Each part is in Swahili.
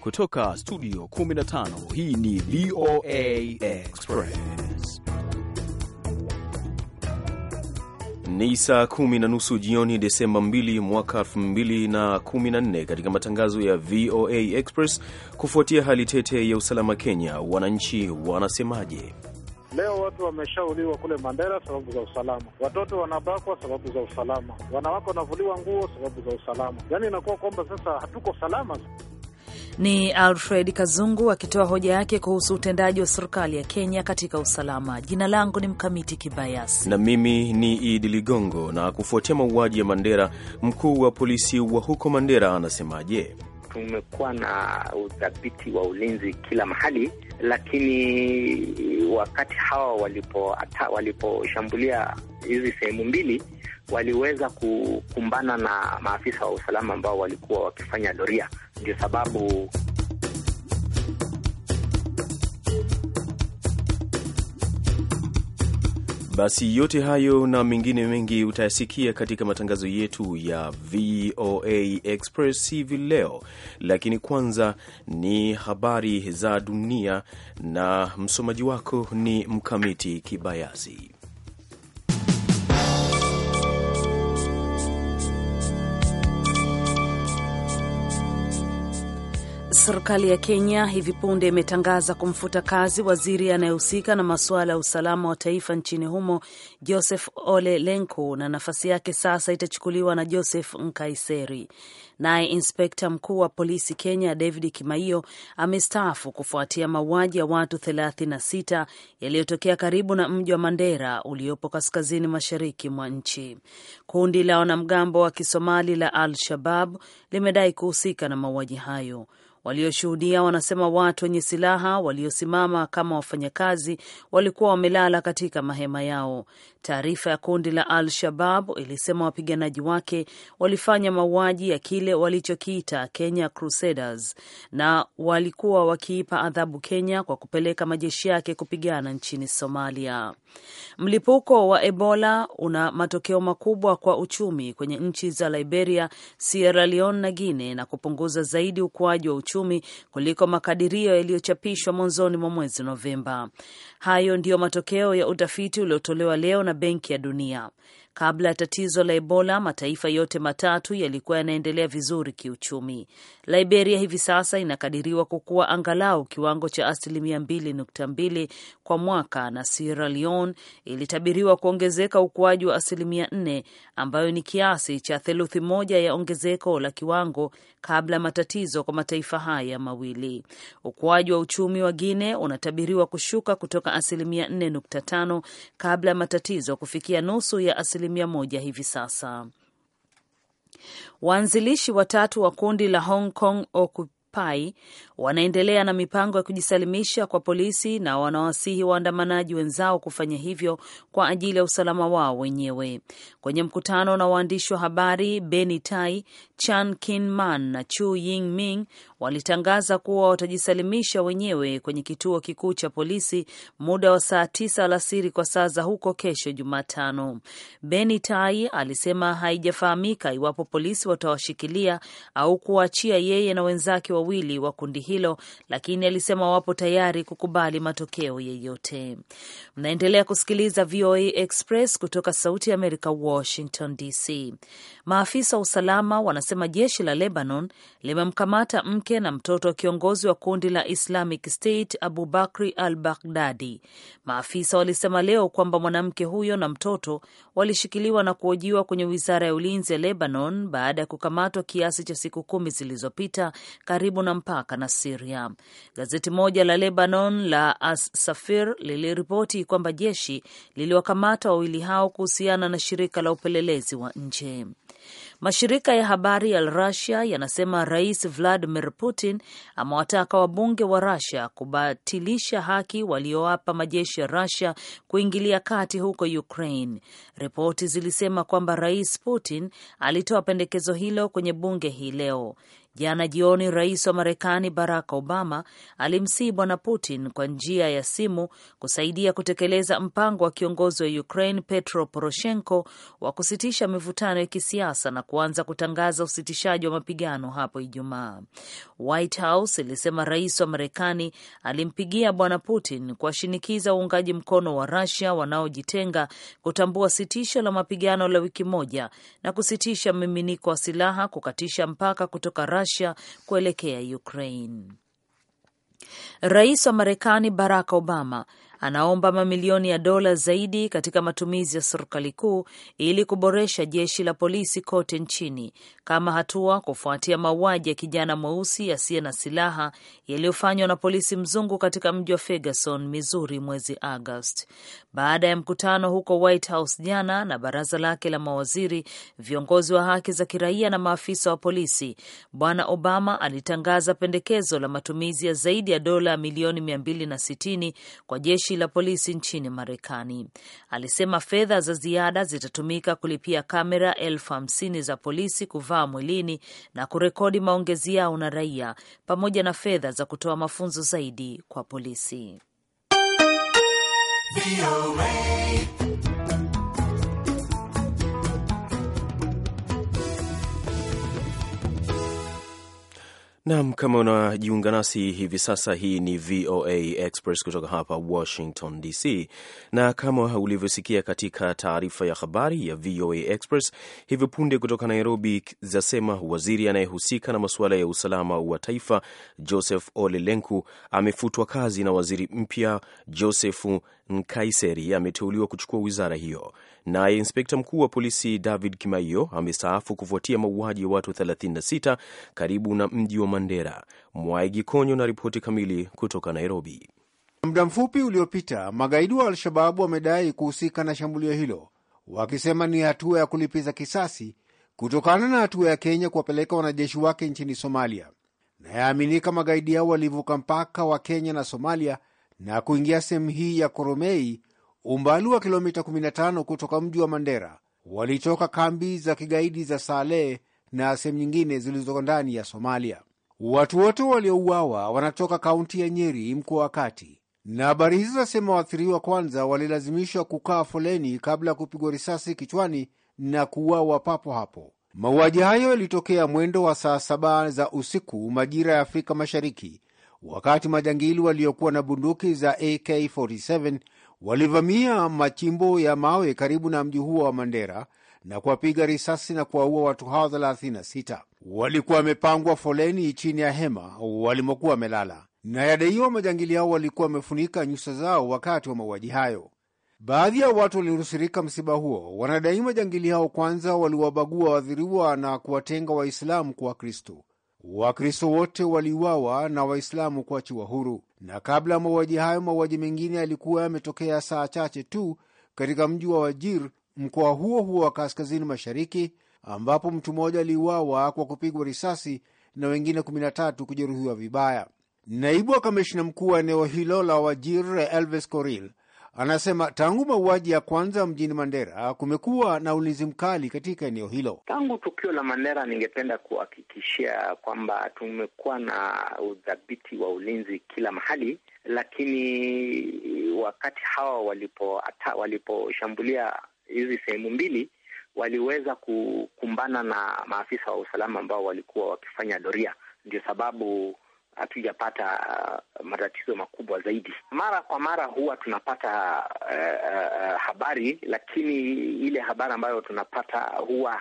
Kutoka studio 15 hii ni VOA Express. Ni saa kumi na nusu jioni Desemba 2 mwaka 2014. Katika matangazo ya VOA Express, kufuatia hali tete ya usalama Kenya, wananchi wanasemaje? Leo watu wameshauliwa kule Mandera sababu za usalama, watoto wanabakwa sababu za usalama, wanawake wanavuliwa nguo sababu za usalama. Yaani inakuwa kwamba sasa hatuko salama. Ni Alfred Kazungu akitoa hoja yake kuhusu utendaji wa serikali ya Kenya katika usalama. Jina langu ni Mkamiti Kibayasi na mimi ni Idi Ligongo. Na kufuatia mauaji ya Mandera, mkuu wa polisi wa huko Mandera anasemaje? kumekuwa na udhabiti wa ulinzi kila mahali, lakini wakati hawa waliposhambulia walipo hizi sehemu mbili waliweza kukumbana na maafisa wa usalama ambao walikuwa wakifanya doria, ndio sababu Basi yote hayo na mengine mengi utayasikia katika matangazo yetu ya VOA Express hivi leo, lakini kwanza ni habari za dunia na msomaji wako ni Mkamiti Kibayasi. Serikali ya Kenya hivi punde imetangaza kumfuta kazi waziri anayehusika na masuala ya usalama wa taifa nchini humo, Joseph Ole Lenku, na nafasi yake sasa itachukuliwa na Joseph Nkaiseri. Naye inspekta mkuu wa polisi Kenya David kimaio amestaafu kufuatia mauaji ya watu 36 yaliyotokea karibu na mji wa Mandera uliopo kaskazini mashariki mwa nchi. Kundi la wanamgambo wa Kisomali la Al Shabab limedai kuhusika na mauaji hayo. Walioshuhudia wanasema watu wenye silaha waliosimama kama wafanyakazi walikuwa wamelala katika mahema yao. Taarifa ya kundi la Al Shabab ilisema wapiganaji wake walifanya mauaji ya kile walichokiita Kenya Crusaders na walikuwa wakiipa adhabu Kenya kwa kupeleka majeshi yake kupigana nchini Somalia. Mlipuko wa Ebola una matokeo makubwa kwa uchumi kwenye nchi za Liberia, Sierra Leone na Guinea na kupunguza zaidi ukuaji wa uchumi kiuchumi kuliko makadirio yaliyochapishwa mwanzoni mwa mwezi Novemba. Hayo ndiyo matokeo ya utafiti uliotolewa leo na Benki ya Dunia. Kabla ya tatizo la Ebola, mataifa yote matatu yalikuwa yanaendelea vizuri kiuchumi. Liberia hivi sasa inakadiriwa kukuwa angalau kiwango cha asilimia 2.2 kwa mwaka, na Sierra Leone ilitabiriwa kuongezeka ukuaji wa asilimia nne ambayo ni kiasi cha theluthi moja ya ongezeko la kiwango kabla matatizo kwa mataifa haya mawili. Ukuaji wa uchumi wa Guine unatabiriwa kushuka kutoka asilimia tano kabla ya matatizo kufikia nusu ya asilimia asilimia moja hivi sasa. Waanzilishi watatu wa kundi la Hong Kong Occupy wanaendelea na mipango ya kujisalimisha kwa polisi na wanawasihi waandamanaji wenzao kufanya hivyo kwa ajili ya usalama wao wenyewe. Kwenye mkutano na waandishi wa habari, Beni Tai, Chan Kin Man na Chu Ying Ming walitangaza kuwa watajisalimisha wenyewe kwenye kituo kikuu cha polisi muda wa saa tisa alasiri kwa saa za huko kesho Jumatano. Beni Tai alisema haijafahamika iwapo polisi watawashikilia au kuwaachia yeye na wenzake wawili wa kundi hilo, lakini alisema wapo tayari kukubali matokeo yeyote. Mnaendelea kusikiliza VOA Express kutoka Sauti ya Amerika, Washington DC. Maafisa wa usalama wanasema jeshi la Lebanon limemkamata mke na mtoto wa kiongozi wa kundi la Islamic State Abu Bakri al Baghdadi. Maafisa walisema leo kwamba mwanamke huyo na mtoto walishikiliwa na kuhojiwa kwenye wizara ya ulinzi ya Lebanon baada ya kukamatwa kiasi cha siku kumi zilizopita karibu na mpaka na Siria. Gazeti moja la Lebanon la As-Safir liliripoti kwamba jeshi liliwakamata wawili hao kuhusiana na shirika la upelelezi wa nje. Mashirika ya habari ya Russia yanasema Rais Vladimir Putin amewataka wabunge wa rasia kubatilisha haki waliowapa majeshi ya rasia kuingilia kati huko Ukraine. Ripoti zilisema kwamba Rais Putin alitoa pendekezo hilo kwenye bunge hii leo. Jana jioni rais wa Marekani Barack Obama alimsihi bwana Putin kwa njia ya simu kusaidia kutekeleza mpango wa kiongozi wa Ukraine Petro Poroshenko wa kusitisha mivutano ya kisiasa na kuanza kutangaza usitishaji wa mapigano hapo Ijumaa. White House ilisema rais wa Marekani alimpigia bwana Putin kuwashinikiza uungaji mkono wa rasia wanaojitenga kutambua sitisho la mapigano la wiki moja na kusitisha mmiminiko wa silaha, kukatisha mpaka kutoka Russia Russia kuelekea Ukraine. Rais wa Marekani Barack Obama anaomba mamilioni ya dola zaidi katika matumizi ya serikali kuu ili kuboresha jeshi la polisi kote nchini kama hatua kufuatia mauaji ya kijana mweusi asiye na silaha yaliyofanywa na polisi mzungu katika mji wa Ferguson, Missouri mwezi Agost. Baada ya mkutano huko White House jana na baraza lake la mawaziri, viongozi wa haki za kiraia na maafisa wa polisi, Bwana Obama alitangaza pendekezo la matumizi ya zaidi ya dola milioni 260 kwa jeshi la polisi nchini Marekani. Alisema fedha za ziada zitatumika kulipia kamera elfu hamsini za polisi kuva kuvaa mwilini na kurekodi maongezi yao na raia, pamoja na fedha za kutoa mafunzo zaidi kwa polisi. Naam, kama unajiunga nasi hivi sasa, hii ni VOA Express kutoka hapa Washington DC, na kama ulivyosikia katika taarifa ya habari ya VOA Express hivi punde kutoka Nairobi, zasema waziri anayehusika na masuala ya usalama wa taifa Joseph Ole Lenku amefutwa kazi na waziri mpya josefu Nkaiseri ameteuliwa kuchukua wizara hiyo. Naye inspekta mkuu wa polisi David kimaio amestaafu kufuatia mauaji ya watu 36 karibu na mji wa Mandera. Mwaigi Konyo na ripoti kamili kutoka Nairobi. Muda mfupi uliopita magaidi wa Al-Shababu wamedai kuhusika na shambulio hilo, wakisema ni hatua ya kulipiza kisasi kutokana na hatua ya Kenya kuwapeleka wanajeshi wake nchini Somalia. nayaaminika magaidi hao walivuka mpaka wa Kenya na Somalia na kuingia sehemu hii ya Koromei, umbali wa kilomita 15 kutoka mji wa Mandera. Walitoka kambi za kigaidi za Sale na sehemu nyingine zilizoko ndani ya Somalia. Watu wote waliouawa wanatoka kaunti ya Nyeri, mkoa wa Kati, na habari hizo zasema waathiriwa kwanza walilazimishwa kukaa foleni kabla ya kupigwa risasi kichwani na kuuawa papo hapo. Mauaji hayo yalitokea mwendo wa saa saba za usiku majira ya Afrika Mashariki, wakati majangili waliokuwa na bunduki za AK47 walivamia machimbo ya mawe karibu na mji huo wa Mandera na kuwapiga risasi na kuwaua watu hao 36. Walikuwa wamepangwa foleni chini ya hema walimokuwa wamelala, na yadaiwa majangili hao walikuwa wamefunika nyuso zao wakati wa mauaji hayo. Baadhi ya watu walionusurika msiba huo wanadai majangili hao kwanza waliwabagua waathiriwa na kuwatenga Waislamu kwa Wakristo. Wakristo wote waliuawa na Waislamu kuachiwa huru. Na kabla ya mauaji hayo, mauaji mengine yalikuwa yametokea saa chache tu katika mji wa Wajir, mkoa huo huo wa kaskazini mashariki, ambapo mtu mmoja aliuawa kwa kupigwa risasi na wengine 13 kujeruhiwa vibaya. Naibu wa kamishna mkuu wa eneo hilo la Wajir, Elvis Coril, Anasema tangu mauaji ya kwanza mjini Mandera kumekuwa na ulinzi mkali katika eneo hilo. Tangu tukio la Mandera, ningependa kuhakikishia kwamba tumekuwa na udhabiti wa ulinzi kila mahali, lakini wakati hawa waliposhambulia walipo hizi sehemu mbili waliweza kukumbana na maafisa wa usalama ambao walikuwa wakifanya doria. Ndio sababu hatujapata uh, matatizo makubwa zaidi. Mara kwa mara huwa tunapata uh, uh, habari, lakini ile habari ambayo tunapata huwa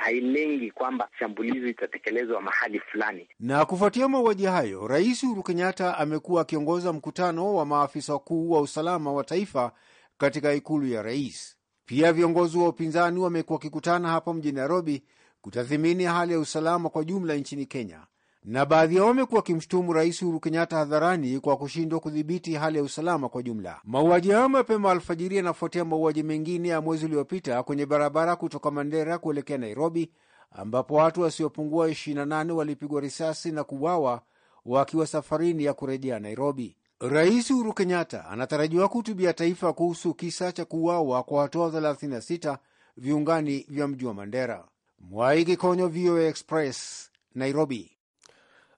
hailengi hai kwamba shambulizi itatekelezwa mahali fulani. Na kufuatia mauaji hayo, Rais Uhuru Kenyatta amekuwa akiongoza mkutano wa maafisa wakuu wa usalama wa taifa katika ikulu ya rais. Pia viongozi wa upinzani wamekuwa wakikutana hapa mjini Nairobi kutathimini hali ya usalama kwa jumla nchini Kenya na baadhi yao wamekuwa wakimshutumu Rais Uhuru Kenyatta hadharani kwa kushindwa kudhibiti hali ya usalama kwa jumla. Mauaji hayo mapema alfajiri yanafuatia mauaji mengine ya mwezi uliopita kwenye barabara kutoka Mandera kuelekea Nairobi, ambapo watu wasiopungua 28 walipigwa risasi na kuuawa wakiwa safarini ya kurejea Nairobi. Rais Uhuru Kenyatta anatarajiwa kuhutubia taifa kuhusu kisa cha kuuawa kwa hatua 36 viungani vya mji wa Mandera. Mwaiki Konyo, VOA Express, Nairobi.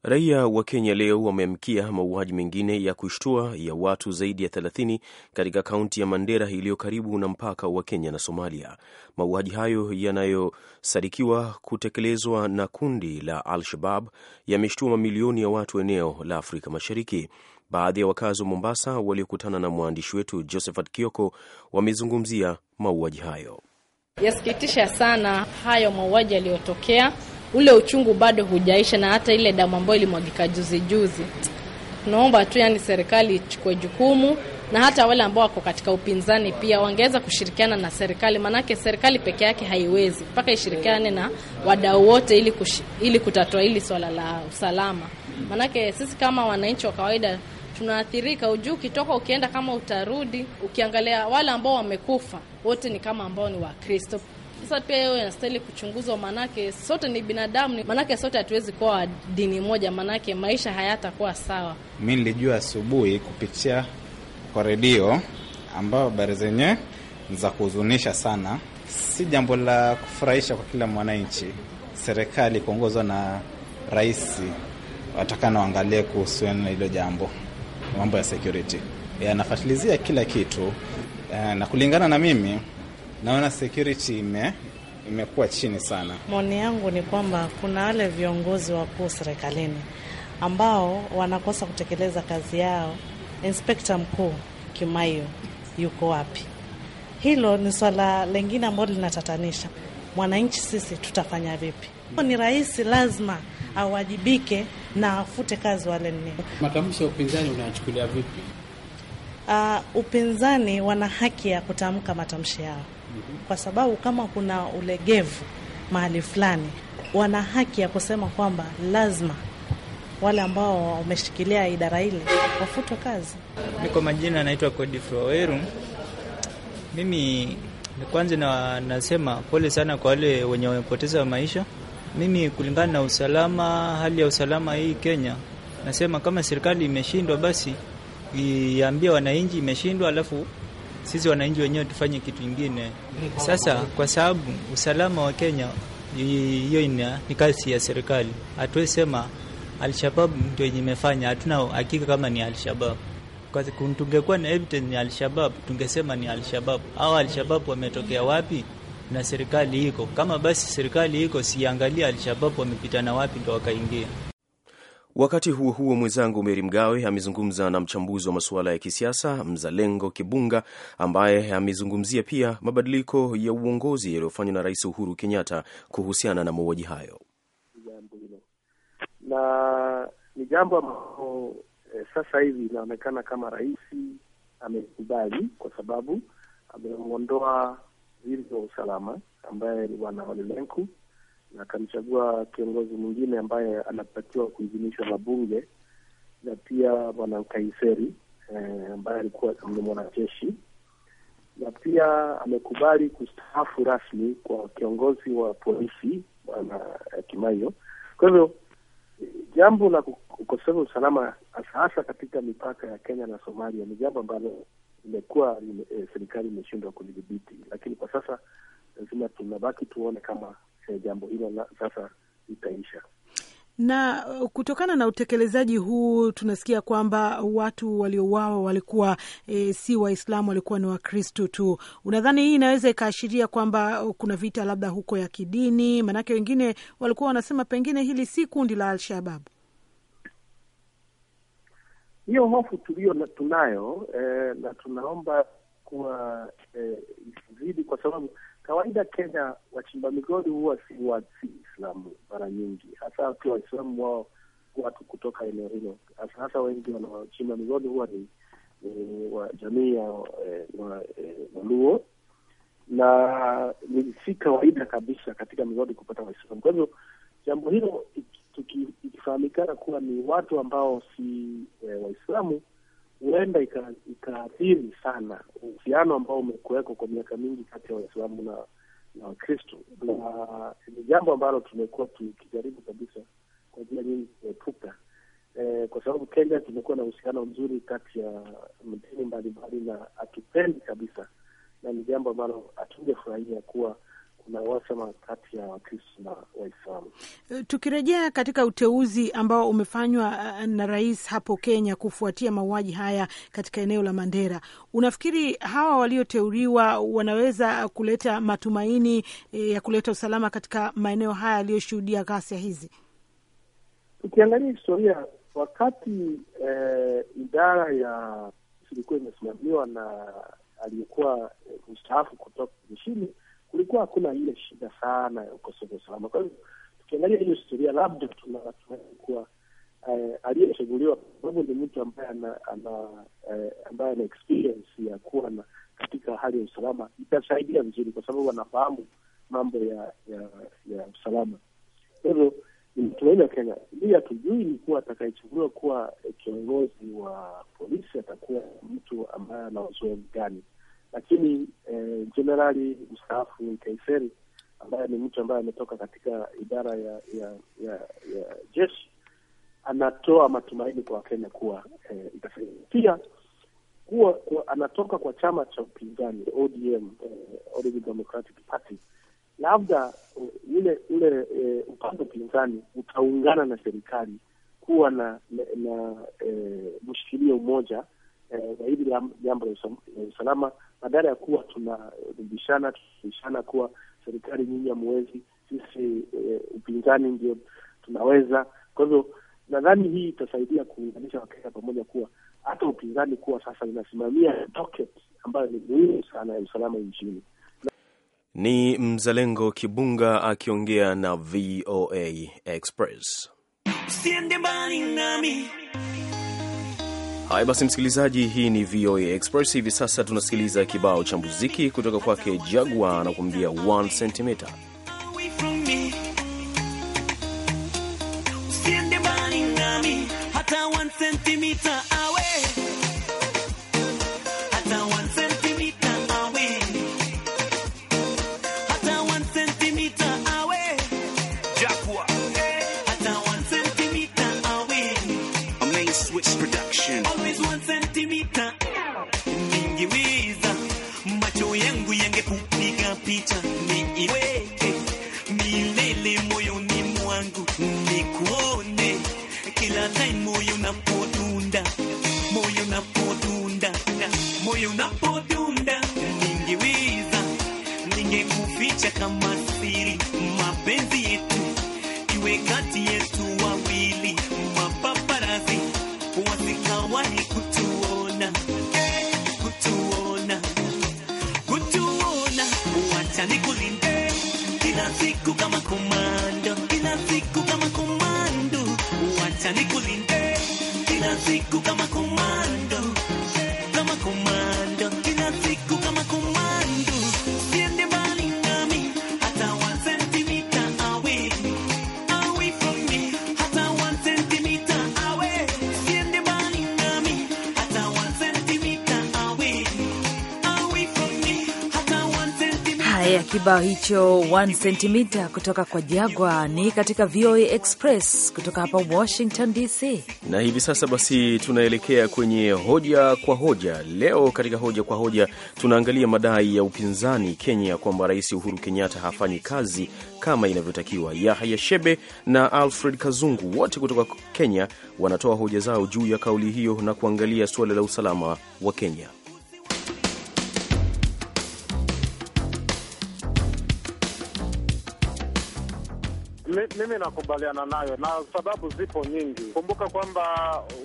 Raia wa Kenya leo wameamkia mauaji mengine ya kushtua ya watu zaidi ya 30 katika kaunti ya Mandera iliyo karibu na mpaka wa Kenya na Somalia. Mauaji hayo yanayosadikiwa kutekelezwa na kundi la Al-Shabab yameshtua mamilioni ya watu eneo la Afrika Mashariki. Baadhi ya wakazi wa Mombasa waliokutana na mwandishi wetu Josephat Kioko wamezungumzia mauaji hayo. Yasikitisha sana hayo mauaji yaliyotokea ule uchungu bado hujaisha, na hata ile damu ambayo ilimwagika juzi juzi. Tunaomba tu yani serikali ichukue jukumu, na hata wale ambao wako katika upinzani pia wangeweza kushirikiana na serikali, maanake serikali peke yake haiwezi, mpaka ishirikiane na wadau wote ili, ili kutatua hili swala la usalama, maanake sisi kama wananchi wa kawaida tunaathirika. Ujuu ukitoka ukienda kama utarudi, ukiangalia wale ambao wamekufa wote ni kama ambao ni Wakristo. Sasa pia yeye anastahili kuchunguzwa, maanake sote ni binadamu, maanake sote hatuwezi kuwa dini moja, maanake maisha hayatakuwa sawa. Mi nilijua asubuhi kupitia kwa redio, ambayo habari zenye za kuhuzunisha sana, si jambo la kufurahisha kwa kila mwananchi. Serikali kuongozwa na rais watakana waangalie kuhusiana na hilo jambo, mambo ya security yanafatilizia kila kitu, eh, na kulingana na mimi naona security ime imekuwa chini sana. Maoni yangu ni kwamba kuna wale viongozi wakuu serikalini ambao wanakosa kutekeleza kazi yao. Inspekta mkuu Kimaio yuko wapi? Hilo ni swala lengine ambalo linatatanisha mwananchi. Sisi tutafanya vipi? Ni rais lazima awajibike na afute kazi wale nne. Matamshi ya upinzani unayachukulia vipi? Uh, upinzani wana haki ya kutamka matamshi yao kwa sababu kama kuna ulegevu mahali fulani, wana haki ya kusema kwamba lazima wale ambao wameshikilia idara ile wafutwe kazi. Ni kwa majina anaitwa Kodi Waweru. Mimi kwanza na, nasema pole sana kwa wale wenye wamepoteza maisha. Mimi kulingana na usalama, hali ya usalama hii Kenya, nasema kama serikali imeshindwa, basi iambie wananchi imeshindwa, alafu sisi wananchi wenyewe tufanye kitu ingine. Sasa kwa sababu usalama wa Kenya hiyo ni kazi ya serikali, hatuwezi sema Alshababu ndio yenye imefanya, hatuna hakika kama ni Alshababu. Kwa sababu tungekuwa na evidence ni Alshababu tungesema ni Alshababu au Alshabab wametokea wapi na serikali iko kama basi, serikali iko siangalia Alshababu wamepitana wapi ndo wakaingia. Wakati huo huo, mwenzangu Meri Mgawe amezungumza na mchambuzi wa masuala ya kisiasa Mzalengo Kibunga ambaye amezungumzia pia mabadiliko ya uongozi yaliyofanywa na Rais Uhuru Kenyatta kuhusiana na mauaji hayo. Na ni jambo ambalo e, sasa hivi inaonekana kama rais amekubali, kwa sababu amemwondoa waziri wa usalama ambaye ni Bwana Olelenku akamchagua kiongozi mwingine ambaye anapatiwa kuidhinishwa na bunge na pia bwana Kaiseri eh, ambaye alikuwa ni mwanajeshi na pia amekubali kustaafu rasmi kwa kiongozi wa polisi bwana Kimaio. Kwa hivyo jambo la ukosefu wa usalama hasa katika mipaka ya Kenya na Somalia ni jambo ambalo imekuwa eh, serikali imeshindwa kulidhibiti, lakini kwa sasa lazima tunabaki tuone kama Eh, jambo hilo la, sasa litaisha na uh, kutokana na utekelezaji huu tunasikia kwamba watu waliouawa walikuwa e, si Waislamu, walikuwa ni Wakristo tu. Unadhani hii inaweza ikaashiria kwamba uh, kuna vita labda huko ya kidini? Maanake wengine walikuwa wanasema pengine hili si kundi la Alshababu. Hiyo hofu tulio na tunayo, eh, na tunaomba kuwa eh, zidi kwa sababu kawaida Kenya wachimba migodi huwa si Waislamu mara nyingi, hasa watu Waislamu wao watu kutoka eneo hilo, hasa wengi wanaochimba migodi huwa ni wa jamii ya eh, eh, Waluo na ni si kawaida kabisa katika migodi kupata Waislamu. Kwa hivyo jambo hilo ikifahamikana kuwa ni watu ambao si eh, Waislamu huenda ikaathiri sana uhusiano ambao umekuwekwa kwa miaka mingi kati ya Waislamu na na Wakristo, na ni jambo ambalo tumekuwa tukijaribu kabisa kwa njia nyingi kuepuka e, kwa sababu Kenya tumekuwa na uhusiano mzuri kati ya dini mbalimbali na hatupendi kabisa, na ni jambo ambalo hatungefurahia kuwa kuna uhasama kati ya Wakristo na Waislamu. Eh, tukirejea katika uteuzi ambao umefanywa eh, na rais hapo Kenya kufuatia mauaji haya katika eneo la Mandera, unafikiri hawa walioteuliwa wanaweza kuleta matumaini eh, ya kuleta usalama katika maeneo haya yaliyoshuhudia ghasia hizi? Ukiangalia historia, wakati eh, idara ya ilikuwa imesimamiwa na aliyekuwa mstaafu kutoka jeshini kulikuwa hakuna ile shida sana ya ukosefu wa usalama. Kwa hivyo tukiangalia hiyo historia, labda tunatumaini kuwa eh, aliyechaguliwa kwa sababu ni mtu ambaye ana, ana eh, ambaye ana experience ya kuwa na katika hali ya usalama itasaidia vizuri, kwa sababu anafahamu mambo ya ya, ya usalama. Kwa hivyo tunaona Kenya ili hatujui ni kuwa atakayechaguliwa kuwa kiongozi wa polisi atakuwa mtu ambaye ana uzoefu gani lakini jenerali eh, mstaafu Kaiseri ambaye ni mtu ambaye ametoka katika idara ya ya ya, ya jeshi anatoa matumaini kwa Wakenya kuwa eh, itafanyika pia kuwa, kuwa anatoka kwa chama cha upinzani ODM, eh, Orange Democratic Party. Labda ule eh, ule eh, upande upinzani utaungana na serikali kuwa na na, na eh, mshikilia umoja eh, zaidi eh, la jambo la usalama badala ya kuwa tunarudishana tunarudishana kuwa serikali nyinyi hamuwezi, sisi e, upinzani ndio tunaweza. Kwa hivyo nadhani hii itasaidia kuunganisha Wakenya pamoja, kuwa hata upinzani kuwa sasa inasimamia ambayo ni muhimu sana ya usalama nchini. Ni Mzalengo Kibunga akiongea na VOA Express. Haya basi, msikilizaji, hii ni VOA Express. Hivi sasa tunasikiliza kibao cha muziki kutoka kwake Jagua anakuambia 1 centimeter. Usiende mbali nami hata 1 centimeter siku kama kumana kibao hicho 1 cm kutoka kwa Jagwa ni katika VOA Express kutoka hapa Washington DC. Na hivi sasa basi tunaelekea kwenye hoja kwa hoja. Leo katika hoja kwa hoja tunaangalia madai ya upinzani Kenya kwamba Rais Uhuru Kenyatta hafanyi kazi kama inavyotakiwa. Yahya Shebe na Alfred Kazungu wote kutoka Kenya wanatoa hoja zao juu ya kauli hiyo na kuangalia suala la usalama wa Kenya. mimi nakubaliana nayo na sababu zipo nyingi. Kumbuka kwamba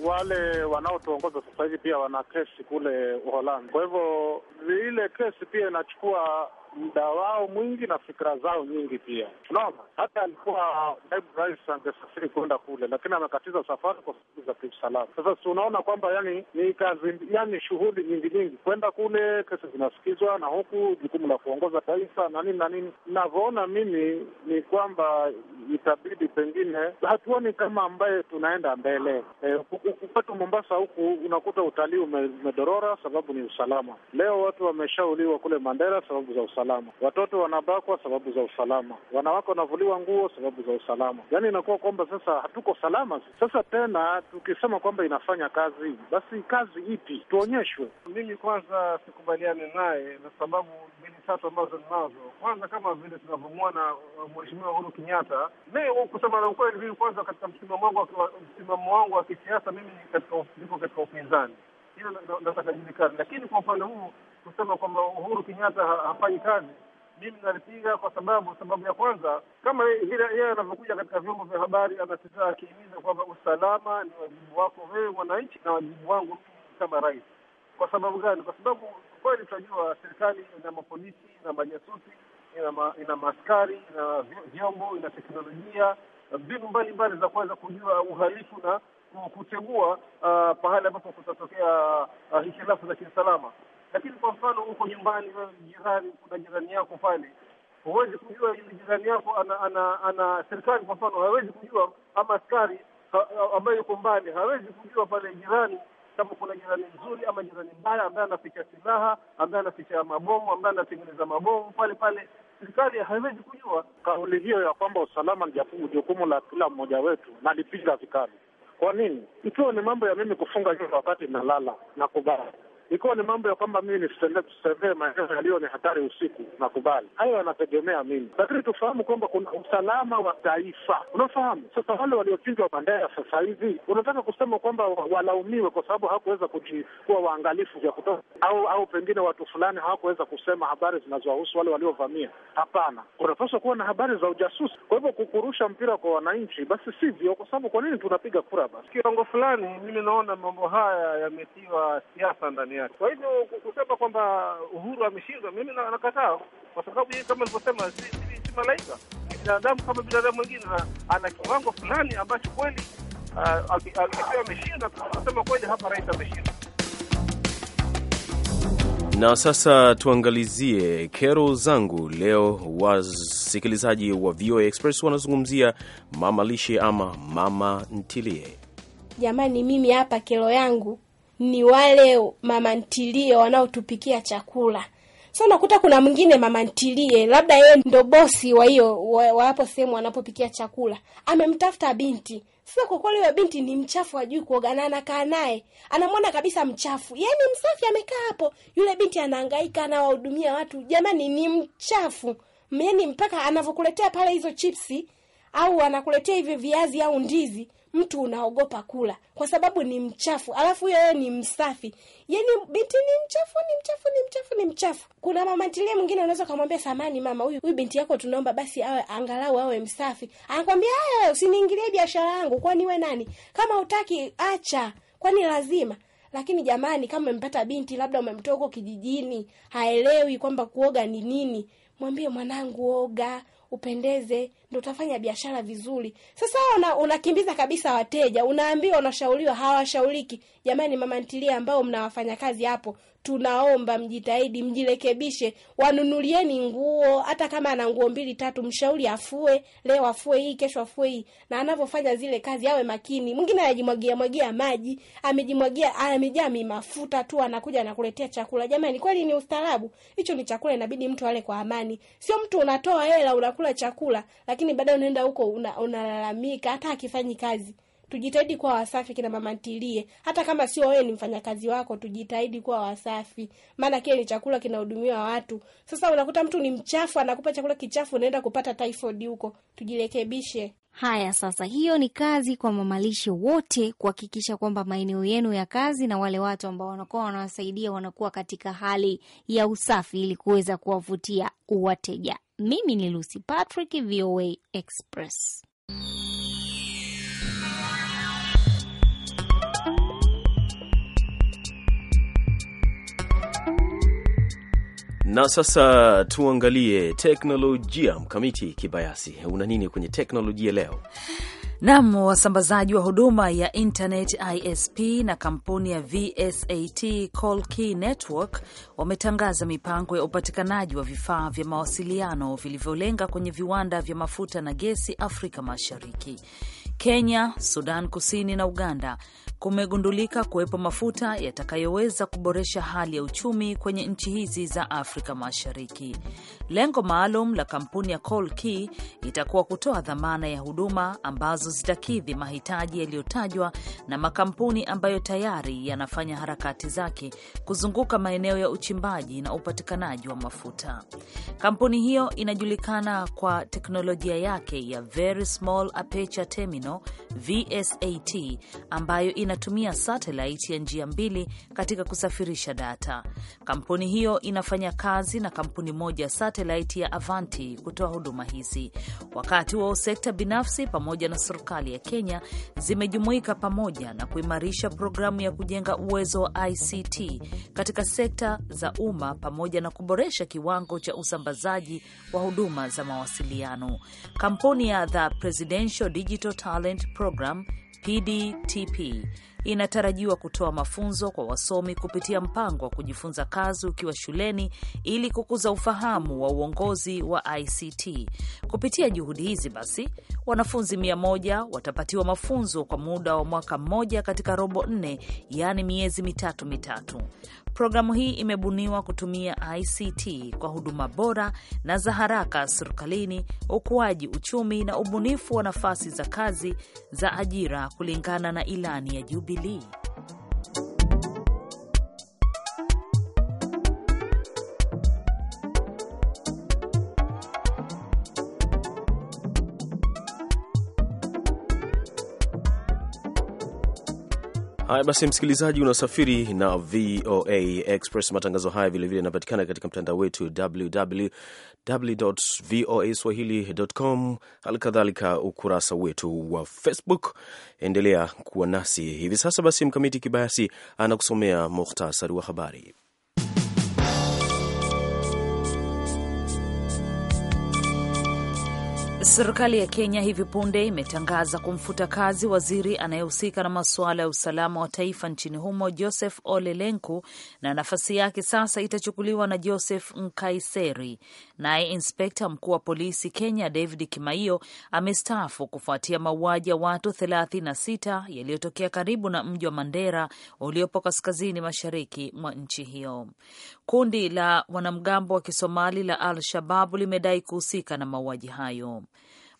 wale wanaotuongoza sasa hivi pia wana kesi kule Uholanzi, kwa hivyo ile kesi pia inachukua muda wao mwingi na fikira zao nyingi pia. Unaona, hata alikuwa naibu rais angesafiri kwenda kule, lakini amekatiza safari kwa sababu za kiusalama. Sasa si unaona kwamba yani ni kazi, yani shughuli nyingi nyingi, kwenda kule, kesi zinasikizwa na huku jukumu la kuongoza taifa na nini na nini. Navyoona mimi ni kwamba itabidi pengine, hatuoni kama ambaye tunaenda mbele eh, kwetu. E, Mombasa huku unakuta utalii umedorora, sababu ni usalama. Leo watu wameshauliwa kule Mandera sababu za usalama usalama, watoto wanabakwa sababu za usalama, wanawake wanavuliwa nguo sababu za usalama. Yaani inakuwa kwamba sasa hatuko salama. Sasa tena tukisema kwamba inafanya kazi, basi kazi ipi? Tuonyeshwe. Mimi kwanza sikubaliane naye na sababu mbili tatu ambazo ninazo. Kwanza kama vile tunavyomwona uh, Mheshimiwa Uhuru Kenyatta, mimi kusema na ukweli, mimi kwanza katika msimamo wangu msimamo wangu wa kisiasa mimi niko katika upinzani, hilo nataka julikana, lakini kwa upande huu kusema kwamba Uhuru Kenyatta hafanyi kazi, mimi nalipiga kwa sababu, sababu ya kwanza, kama vile yeye anavyokuja katika vyombo vya habari anatetea akihimiza kwamba usalama ni wajibu wako wewe mwananchi na wajibu wangu kama rais. Kwa sababu gani? Kwa sababu kweli tunajua serikali ina mapolisi, ina majasusi, ina ma, ina maaskari, ina vyombo, ina teknolojia, mbinu mbalimbali za kuweza kujua uhalifu na kutegua uh, ah, pahali ambapo kutatokea uh, hitilafu za kiusalama. Lakini kwa mfano huko nyumbani wewe, jirani, kuna jirani yako pale, huwezi kujua yule jirani yako ana ana, ana serikali kwa mfano hawezi kujua, ama askari ambaye yuko mbali hawezi kujua pale jirani kama kuna jirani nzuri ama jirani mbaya, ambaye anaficha silaha, ambaye anaficha mabomu, ambaye anatengeneza mabomu pale pale, serikali haiwezi kujua. Kauli hiyo ya kwamba usalama ni jukumu la kila mmoja wetu nalipinga vikali. Kwa nini? Ikiwa ni mambo ya mimi kufunga nyumba wakati nalala na kubaa, ikiwa ni mambo ya kwamba mimi nisitembee maeneo yaliyo ni hatari usiku, nakubali hayo, yanategemea mimi, lakini tufahamu kwamba kuna usalama wa taifa, unafahamu. Sasa wale waliochinjwa Mandera sasa hivi, unataka kusema kwamba walaumiwe kwa sababu hawakuweza kuwa waangalifu vya kutosha, au au pengine watu fulani hawakuweza kusema habari zinazowahusu wale waliovamia? Hapana, kunapaswa kuwa na habari za ujasusi. Kwa hivyo kukurusha mpira kwa wananchi basi sivyo, kwa sababu kwa nini tunapiga kura? Basi kiwango fulani mimi naona mambo haya yametiwa siasa ndani yake. Kwa hivyo kusema kwamba Uhuru ameshindwa, mimi nakataa, kwa sababu yeye kama alivyosema, si, si, si malaika, ni binadamu kama binadamu mwingine, ana kiwango fulani ambacho kweli akiwa ameshinda, kusema kweli, hapa rais ameshinda. Na sasa tuangalizie kero zangu leo. Wasikilizaji wa VOA Express wanazungumzia mama lishe ama mama ntilie. Jamani, mimi hapa kero yangu ni wale mama ntilie wanaotupikia chakula. So unakuta kuna mwingine mama ntilie, labda yeye ndo bosi wa hiyo wa hapo sehemu wanapopikia chakula, amemtafuta binti sasa kwa kweli huyo binti ni mchafu, ajui kuoga na anakaa naye, anamwona kabisa mchafu. Yaani msafi amekaa hapo, yule binti anahangaika, anawahudumia watu. Jamani, ni mchafu. Yaani mpaka anavyokuletea pale hizo chipsi au anakuletea hivyo viazi au ndizi, mtu unaogopa kula kwa sababu ni mchafu, alafu yeye ni msafi. Yani binti ni mchafu, ni mchafu, ni mchafu, ni mchafu. Kuna mama ntilie mwingine unaweza kumwambia samani, mama huyu huyu binti yako tunaomba basi awe angalau awe msafi. Anakwambia haya, usiniingilie biashara yangu, kwani we nani? Kama hutaki acha, kwani lazima lakini jamani, kama umempata binti labda umemtoa huko kijijini, haelewi kwamba kuoga ni nini, mwambie mwanangu, oga upendeze, ndo utafanya biashara vizuri. Sasa una, unakimbiza kabisa wateja, unaambiwa, unashauriwa, hawashauriki. Jamani, mama ntilie ambao mna wafanyakazi hapo, tunaomba mjitahidi, mjirekebishe, wanunulieni nguo. Hata kama ana nguo mbili tatu, mshauri afue leo, afue hii, kesho afue hii, na anavyofanya zile kazi awe makini. Mwingine anajimwagia mwagia maji, amejimwagia amejaa mimafuta tu, anakuja anakuletea chakula. Jamani, kweli ni ustaarabu? Hicho ni chakula, inabidi mtu ale kwa amani, sio mtu unatoa hela unakula chakula, lakini baadaye unaenda huko unalalamika, una hata akifanyi kazi tujitahidi kuwa wasafi kina mama ntilie, hata kama sio wewe ni mfanyakazi wako, tujitahidi kuwa wasafi, maana kile ni chakula kinahudumiwa watu. Sasa unakuta mtu ni mchafu, anakupa chakula kichafu, unaenda kupata typhoid huko. Tujirekebishe. Haya, sasa hiyo ni kazi kwa mamalishe wote kuhakikisha kwamba maeneo yenu ya kazi na wale watu ambao wanakuwa wanawasaidia wanakuwa katika hali ya usafi ili kuweza kuwavutia wateja. Mimi ni Lucy Patrick, VOA Express. Na sasa tuangalie teknolojia. Mkamiti Kibayasi, una nini kwenye teknolojia leo? Nam, wasambazaji wa huduma ya internet ISP na kampuni ya VSAT Callkey Network wametangaza mipango ya upatikanaji wa vifaa vya mawasiliano vilivyolenga kwenye viwanda vya mafuta na gesi Afrika Mashariki. Kenya, Sudan Kusini na Uganda kumegundulika kuwepo mafuta yatakayoweza kuboresha hali ya uchumi kwenye nchi hizi za Afrika Mashariki. Lengo maalum la kampuni ya Coal Key itakuwa kutoa dhamana ya huduma ambazo zitakidhi mahitaji yaliyotajwa na makampuni ambayo tayari yanafanya harakati zake kuzunguka maeneo ya uchimbaji na upatikanaji wa mafuta. Kampuni hiyo inajulikana kwa teknolojia yake ya Very Small Aperture Terminal tano VSAT ambayo inatumia satellite ya njia mbili katika kusafirisha data. Kampuni hiyo inafanya kazi na kampuni moja satellite ya Avanti kutoa huduma hizi. Wakati wa sekta binafsi pamoja na serikali ya Kenya zimejumuika pamoja na kuimarisha programu ya kujenga uwezo wa ICT katika sekta za umma pamoja na kuboresha kiwango cha usambazaji wa huduma za mawasiliano. Kampuni ya The Presidential Digital Talent Program, PDTP, inatarajiwa kutoa mafunzo kwa wasomi kupitia mpango wa kujifunza kazi ukiwa shuleni ili kukuza ufahamu wa uongozi wa ICT. Kupitia juhudi hizi, basi wanafunzi mia moja watapatiwa mafunzo kwa muda wa mwaka mmoja katika robo nne, yaani miezi mitatu mitatu. Programu hii imebuniwa kutumia ICT kwa huduma bora na za haraka serikalini, ukuaji uchumi na ubunifu wa nafasi za kazi za ajira kulingana na ilani ya Juba. believe. Haya basi, msikilizaji, unasafiri na VOA Express. Matangazo haya vilevile yanapatikana katika mtandao wetu www.voaswahili.com, kadhalika ukurasa wetu wa Facebook. Endelea kuwa nasi hivi sasa. Basi Mkamiti Kibayasi anakusomea muhtasari wa habari. Serikali ya Kenya hivi punde imetangaza kumfuta kazi waziri anayehusika na masuala ya usalama wa taifa nchini humo Joseph Ole Lenku, na nafasi yake sasa itachukuliwa na Joseph Nkaiseri Naye inspekta mkuu wa polisi Kenya David kimaio amestaafu kufuatia mauaji ya watu 36 yaliyotokea karibu na mji wa Mandera uliopo kaskazini mashariki mwa nchi hiyo. Kundi la wanamgambo wa Kisomali la Al Shababu limedai kuhusika na mauaji hayo.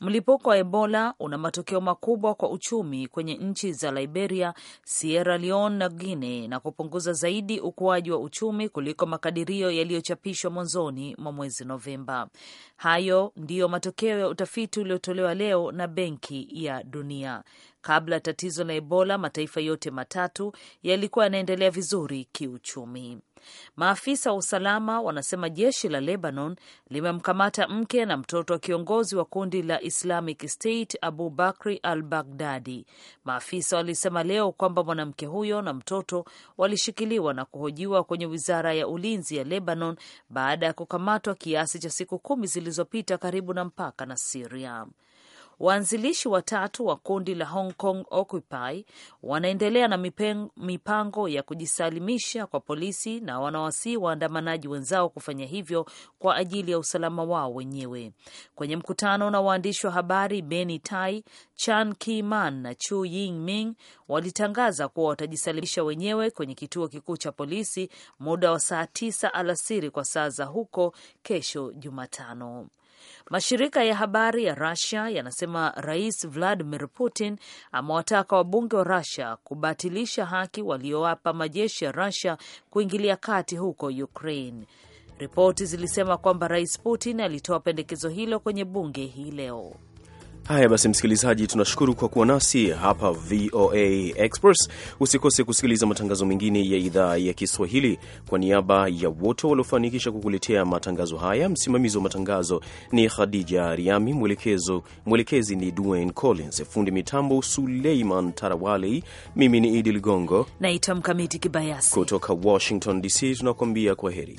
Mlipuko wa Ebola una matokeo makubwa kwa uchumi kwenye nchi za Liberia, Sierra Leone na Guinea na kupunguza zaidi ukuaji wa uchumi kuliko makadirio yaliyochapishwa mwanzoni mwa mwezi Novemba. Hayo ndiyo matokeo ya utafiti uliotolewa leo na Benki ya Dunia. Kabla ya tatizo la Ebola, mataifa yote matatu yalikuwa yanaendelea vizuri kiuchumi. Maafisa wa usalama wanasema jeshi la Lebanon limemkamata mke na mtoto wa kiongozi wa kundi la Islamic State Abu Bakri al Baghdadi. Maafisa walisema leo kwamba mwanamke huyo na mtoto walishikiliwa na kuhojiwa kwenye wizara ya ulinzi ya Lebanon baada ya kukamatwa kiasi cha siku kumi zilizopita karibu na mpaka na Siria. Waanzilishi watatu wa kundi la Hong Kong Occupy wanaendelea na mipango ya kujisalimisha kwa polisi na wanawasii waandamanaji wenzao kufanya hivyo kwa ajili ya usalama wao wenyewe. Kwenye mkutano na waandishi wa habari, Beni Tai, Chan Kiman na Chu Ying Ming walitangaza kuwa watajisalimisha wenyewe kwenye kituo kikuu cha polisi muda wa saa tisa alasiri kwa saa za huko kesho Jumatano. Mashirika ya habari ya Russia yanasema Rais Vladimir Putin amewataka wabunge wa Russia kubatilisha haki waliowapa majeshi ya Russia kuingilia kati huko Ukraine. Ripoti zilisema kwamba Rais Putin alitoa pendekezo hilo kwenye bunge hii leo. Haya basi, msikilizaji, tunashukuru kwa kuwa nasi hapa VOA Express. Usikose kusikiliza matangazo mengine ya idhaa ya Kiswahili. Kwa niaba ya wote waliofanikisha kukuletea matangazo haya, msimamizi wa matangazo ni Khadija Riami, mwelekezo mwelekezi ni Dwayne Collins, fundi mitambo Suleiman Tarawali. Mimi ni Idi Ligongo naitwa Mkamiti Kibayasi kutoka Washington DC, tunakuambia kwa heri.